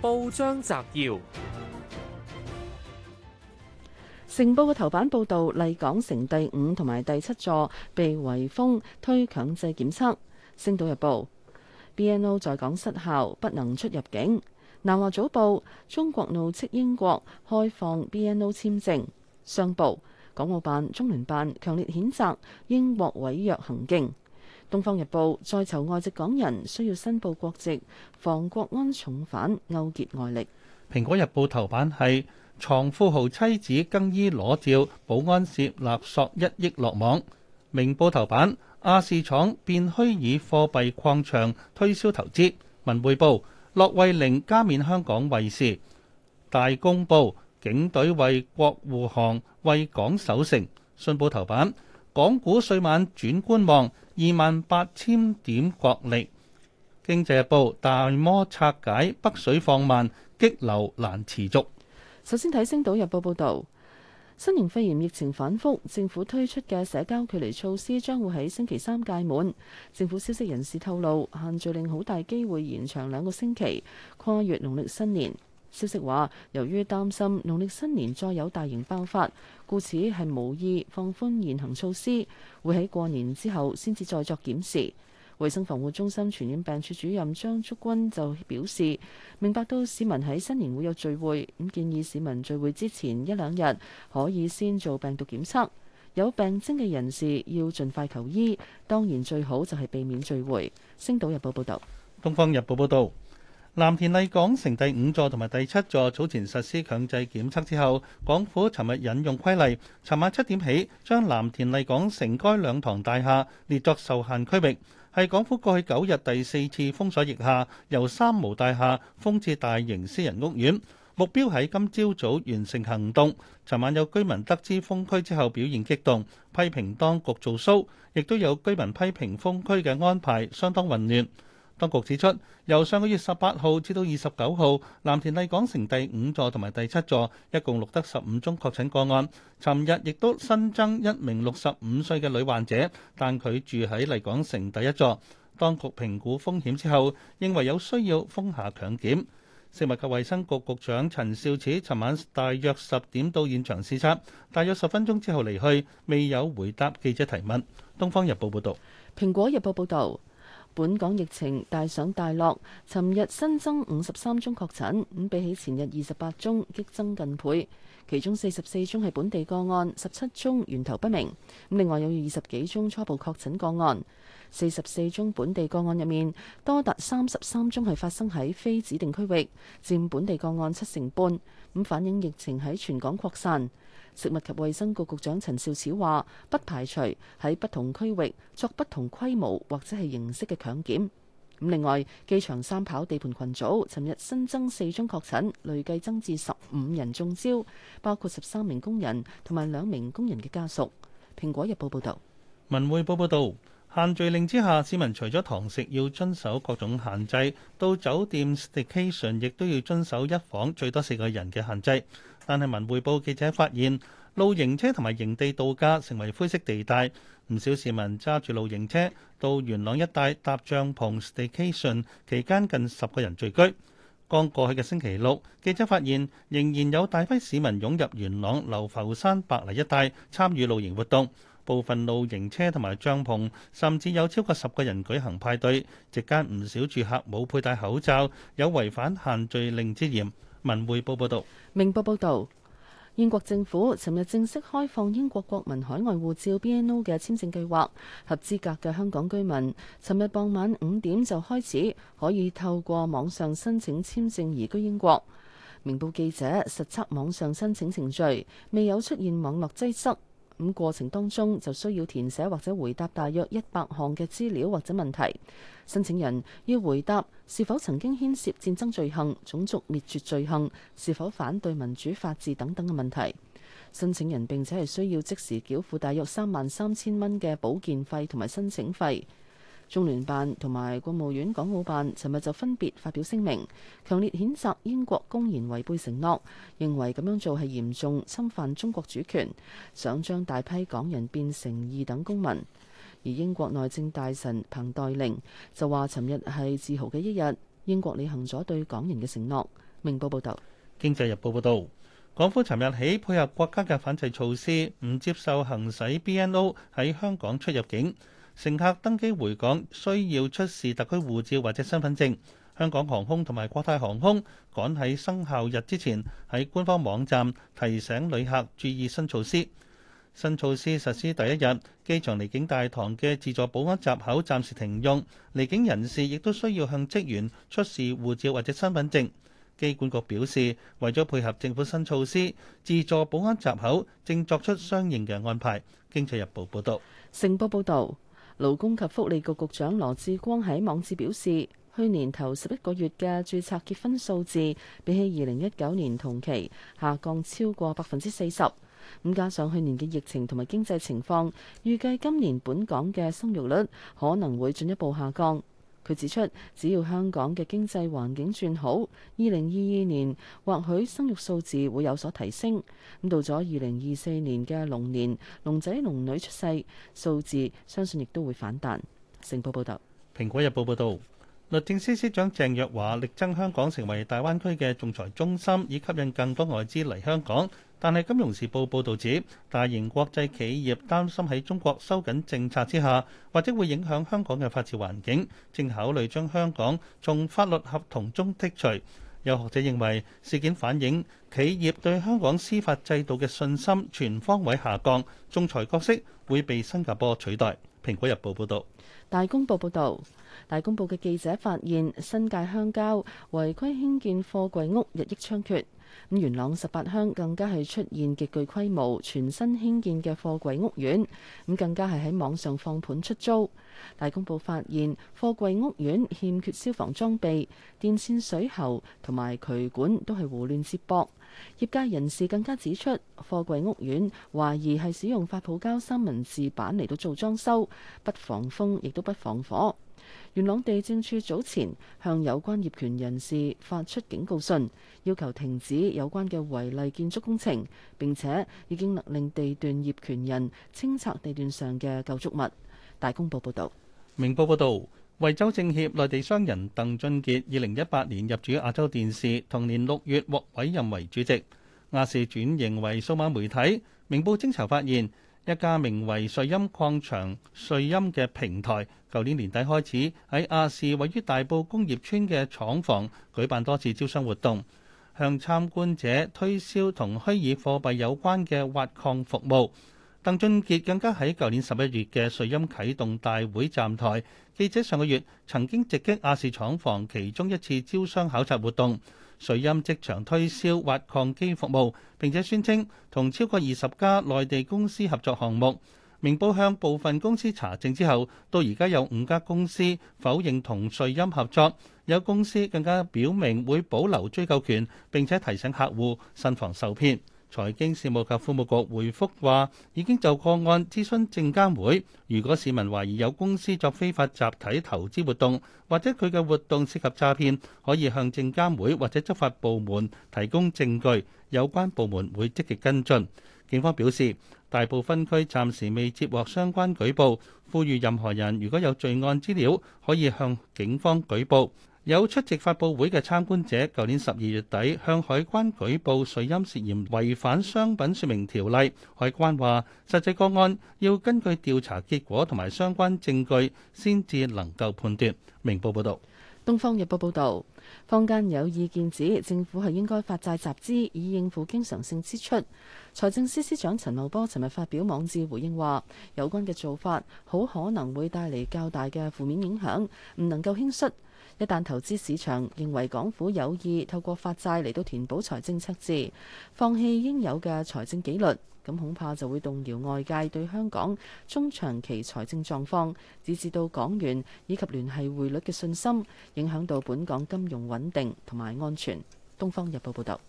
報章摘要：成報嘅頭版報道，麗港城第五同埋第七座被圍封，推強制檢測。星島日報，BNO 在港失效，不能出入境。南華早報，中國怒斥英國開放 BNO 簽證。商報，港澳辦、中聯辦強烈譴責英國違約行徑。《東方日報》在囚外籍港人需要申報國籍，防國安重犯勾結外力。《蘋果日報》頭版係藏富豪妻子更衣裸照，保安涉勒索一億落網。《明報》頭版亞視廠變虛擬貨幣礦場推銷投資。《文匯報》駱惠寧加冕香港衛視《大公報》，警隊為國護航，為港守城。《信報》頭版港股歲晚轉觀望。二萬八千點國力，經濟日報大摩拆解北水放慢，激流難持續。首先睇《星島日報》報導，新型肺炎疫情反覆，政府推出嘅社交距離措施將會喺星期三屆滿。政府消息人士透露，限聚令好大機會延長兩個星期，跨越農曆新年。消息話，由於擔心農曆新年再有大型爆發，故此係無意放寬現行措施，會喺過年之後先至再作檢視。衛生防護中心傳染病處主任張竹君就表示，明白到市民喺新年會有聚會，咁建議市民聚會之前一兩日可以先做病毒檢測。有病徵嘅人士要盡快求醫，當然最好就係避免聚會。星島日報報道。東方日報報道。藍田麗港城第五座同埋第七座早前實施強制檢測之後，港府尋日引用規例，尋晚七點起將藍田麗港城該兩幢大廈列作受限區域，係港府過去九日第四次封鎖疫廈，由三無大廈封至大型私人屋苑，目標喺今朝早，早完成行動。尋晚有居民得知封區之後表現激動，批評當局做騷，亦都有居民批評封區嘅安排相當混亂。當局指出，由上個月十八號至到二十九號，藍田麗港城第五座同埋第七座，一共錄得十五宗確診個案。尋日亦都新增一名六十五歲嘅女患者，但佢住喺麗港城第一座。當局評估風險之後，認為有需要封下強檢。食物及衛生局局長陳肇始，尋晚大約十點到現場視察，大約十分鐘之後離去，未有回答記者提問。《東方日報》報道。《蘋果日報》報道。本港疫情大上大落，尋日新增五十三宗確診，咁比起前日二十八宗激增近倍。其中四十四宗係本地個案，十七宗源頭不明，咁另外有二十幾宗初步確診個案。四十四宗本地個案入面，多達三十三宗係發生喺非指定區域，佔本地個案七成半，咁反映疫情喺全港擴散。食物及衛生局局長陳肇始話：不排除喺不同區域作不同規模或者係形式嘅強檢。咁另外，機場三跑地盤群組，尋日新增四宗確診，累計增至十五人中招，包括十三名工人同埋兩名工人嘅家屬。《蘋果日報》報道，《文匯報》報道，限聚令之下，市民除咗堂食要遵守各種限制，到酒店 station 亦都要遵守一房最多四個人嘅限制。但係，《文匯報》記者發現，露營車同埋營地度假成為灰色地帶，唔少市民揸住露營車到元朗一帶搭帳篷 staycation，期間近十個人聚居。剛過去嘅星期六，記者發現仍然有大批市民湧入元朗、流浮山、白泥一帶參與露營活動，部分露營車同埋帳篷甚至有超過十個人舉行派對，席間唔少住客冇佩戴口罩，有違反限聚令之嫌。文匯報報道，明報報道，英國政府尋日正式開放英國國民海外護照 （BNO） 嘅簽證計劃，合資格嘅香港居民尋日傍晚五點就開始可以透過網上申請簽證移居英國。明報記者實測網上申請程序，未有出現網絡擠塞。咁過程當中就需要填寫或者回答大約一百項嘅資料或者問題，申請人要回答是否曾經牽涉戰爭罪行、種族滅絕罪行、是否反對民主法治等等嘅問題。申請人並且係需要即時繳付大約三萬三千蚊嘅保健費同埋申請費。中聯辦同埋國務院港澳辦尋日就分別發表聲明，強烈譴責英國公然違背承諾，認為咁樣做係嚴重侵犯中國主權，想將大批港人變成二等公民。而英國內政大臣彭黛玲就話：尋日係自豪嘅一日，英國履行咗對港人嘅承諾。明報報道，《經濟日報》報道，港府尋日起配合國家嘅反制措施，唔接受行使 BNO 喺香港出入境。乘客登機回港需要出示特區護照或者身份證。香港航空同埋國泰航空趕喺生效日之前喺官方網站提醒旅客注意新措施。新措施實施第一日，機場離境大堂嘅自助保安閘口暫時停用，離境人士亦都需要向職員出示護照或者身份證。機管局表示，為咗配合政府新措施，自助保安閘口正作出相應嘅安排。《經濟日報,報導》報道，成報報道。勞工及福利局局長羅志光喺網誌表示，去年頭十一個月嘅註冊結婚數字比起二零一九年同期下降超過百分之四十，咁加上去年嘅疫情同埋經濟情況，預計今年本港嘅生育率可能會進一步下降。佢指出，只要香港嘅經濟環境轉好，二零二二年或許生育數字會有所提升。咁到咗二零二四年嘅龍年，龍仔龍女出世，數字相信亦都會反彈。成報報道，蘋果日報報道。律政司司長鄭若驊力爭香港成為大灣區嘅仲裁中心，以吸引更多外資嚟香港。但係《金融時報》報導指，大型國際企業擔心喺中國收緊政策之下，或者會影響香港嘅法治環境，正考慮將香港從法律合同中剔除。有學者認為事件反映企業對香港司法制度嘅信心全方位下降，仲裁角色會被新加坡取代。《蘋果日報》報導。大公報報導，大公報嘅記者發現新界鄉郊違規興建貨櫃屋日益猖獗。元朗十八鄉更加係出現極具規模全新興建嘅貨櫃屋苑，咁更加係喺網上放盤出租。大公報發現貨櫃屋苑欠缺消防裝備、電線水喉同埋渠管都係胡亂接駁。業界人士更加指出，貨櫃屋苑懷疑係使用發泡膠三文治板嚟到做裝修，不防風亦都不防火。元朗地政處早前向有關業權人士發出警告信，要求停止有關嘅違例建築工程，並且已經勒令地段業權人清拆地段上嘅舊築物。大公報報道，明報報道，惠州政協內地商人鄧俊杰，二零一八年入主亞洲電視，同年六月獲委任為主席，亞視轉型為數碼媒體。明報偵查發現。一家名為瑞音礦場瑞音嘅平台，舊年年底開始喺亞視位於大埔工業村嘅廠房舉辦多次招商活動，向參觀者推銷同虛擬貨幣有關嘅挖礦服務。鄧俊傑更加喺舊年十一月嘅瑞音啟動大會站台。記者上個月曾經直擊亞視廠房其中一次招商考察活動，瑞音即場推銷挖礦機服務，並且宣稱同超過二十家內地公司合作項目。明報向部分公司查證之後，到而家有五家公司否認同瑞音合作，有公司更加表明會保留追究權，並且提醒客戶慎防受騙。財經事務及庫務局回覆話，已經就個案諮詢證監會。如果市民懷疑有公司作非法集體投資活動，或者佢嘅活動涉及詐騙，可以向證監會或者執法部門提供證據，有關部門會積極跟進。警方表示，大部分區暫時未接獲相關舉報，呼籲任何人如果有罪案資料，可以向警方舉報。有出席發布會嘅參觀者，舊年十二月底向海關舉報水音涉嫌違反商品説明條例。海關話，實際個案要根據調查結果同埋相關證據先至能夠判斷。明報報道。《東方日報》報道，坊間有意見指政府係應該發債集資以應付經常性支出。財政司司長陳茂波尋日發表網誌回應話，有關嘅做法好可能會帶嚟較大嘅負面影響，唔能夠輕率。一旦投資市場認為港府有意透過發債嚟到填補財政赤字，放棄應有嘅財政紀律，咁恐怕就會動搖外界對香港中長期財政狀況，以至到港元以及聯繫匯率嘅信心，影響到本港金融穩定同埋安全。《東方日報》報道。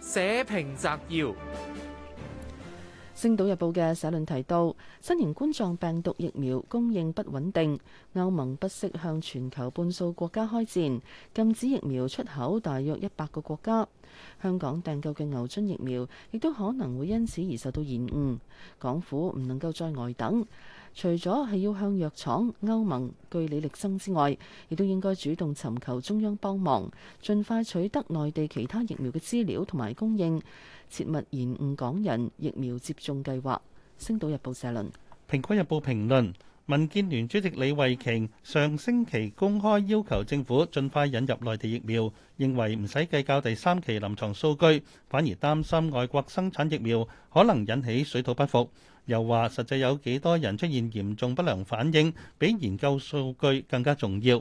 社評摘要。《星島日報》嘅社論提到，新型冠狀病毒疫苗供應不穩定，歐盟不惜向全球半數國家開戰，禁止疫苗出口大約一百個國家。香港訂購嘅牛津疫苗亦都可能會因此而受到延誤。港府唔能夠再外等。除咗係要向藥廠、歐盟據理力爭之外，亦都應該主動尋求中央幫忙，盡快取得內地其他疫苗嘅資料同埋供應，切勿延誤港人疫苗接種計劃。星島日報社論，蘋果日報評論，民建聯主席李慧瓊上星期公開要求政府盡快引入內地疫苗，認為唔使計較第三期臨床數據，反而擔心外國生產疫苗可能引起水土不服。又話實際有幾多人出現嚴重不良反應，比研究數據更加重要。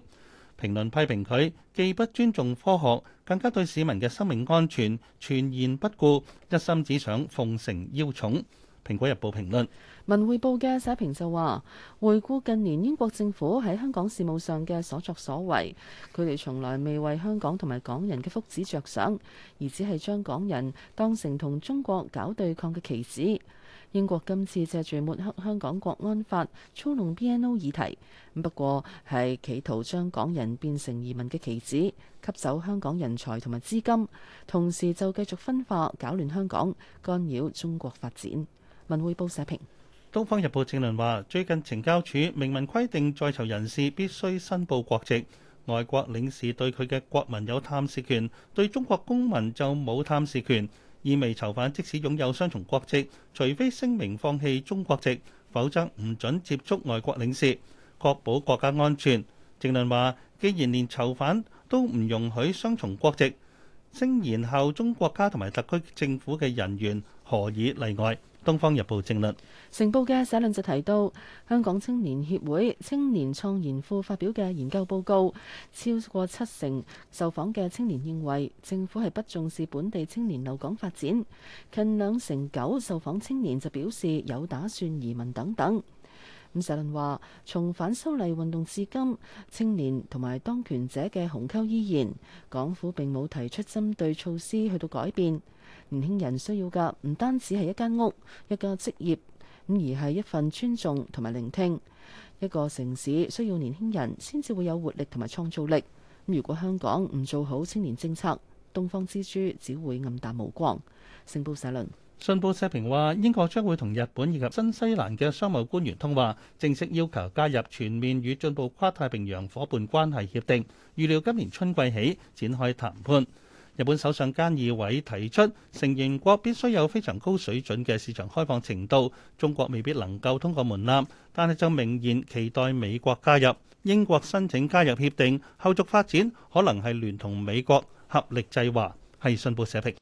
評論批評佢既不尊重科學，更加對市民嘅生命安全全然不顧，一心只想奉承邀寵。《蘋果日報》評論，《文匯報》嘅社評就話，回顧近年英國政府喺香港事務上嘅所作所為，佢哋從來未為香港同埋港人嘅福祉着想，而只係將港人當成同中國搞對抗嘅棋子。英國今次借住抹黑香港國安法操弄 BNO 議題，不過係企圖將港人變成移民嘅棋子，吸走香港人才同埋資金，同時就繼續分化搞亂香港，干擾中國發展。文匯報社評，《東方日報》正論話：最近懲教署明文規定，在囚人士必須申報國籍，外國領事對佢嘅國民有探視權，對中國公民就冇探視權。意味囚犯即使擁有雙重國籍，除非聲明放棄中國籍，否則唔准接觸外國領事，確保國家安全。鄭論話：既然連囚犯都唔容許雙重國籍，聲言效忠國家同埋特區政府嘅人員，何以例外？《東方日報》政論成報嘅社論就提到，香港青年協會青年創研庫發表嘅研究報告，超過七成受訪嘅青年認為政府係不重視本地青年留港發展，近兩成九受訪青年就表示有打算移民等等。咁社論話：從反修例運動至今，青年同埋當權者嘅鴻溝依然，港府並冇提出針對措施去到改變。年輕人需要嘅唔單止係一間屋、一個職業，咁而係一份尊重同埋聆聽。一個城市需要年輕人先至會有活力同埋創造力。咁如果香港唔做好青年政策，東方之珠只會暗淡無光。成報社論。信報社評話，英國將會同日本以及新西蘭嘅商務官員通話，正式要求加入全面與進步跨太平洋夥伴關係協定。預料今年春季起展開談判。日本首相菅義偉提出，成員國必須有非常高水準嘅市場開放程度，中國未必能夠通過門檻，但係就明顯期待美國加入。英國申請加入協定，後續發展可能係聯同美國合力制華。係信報社評。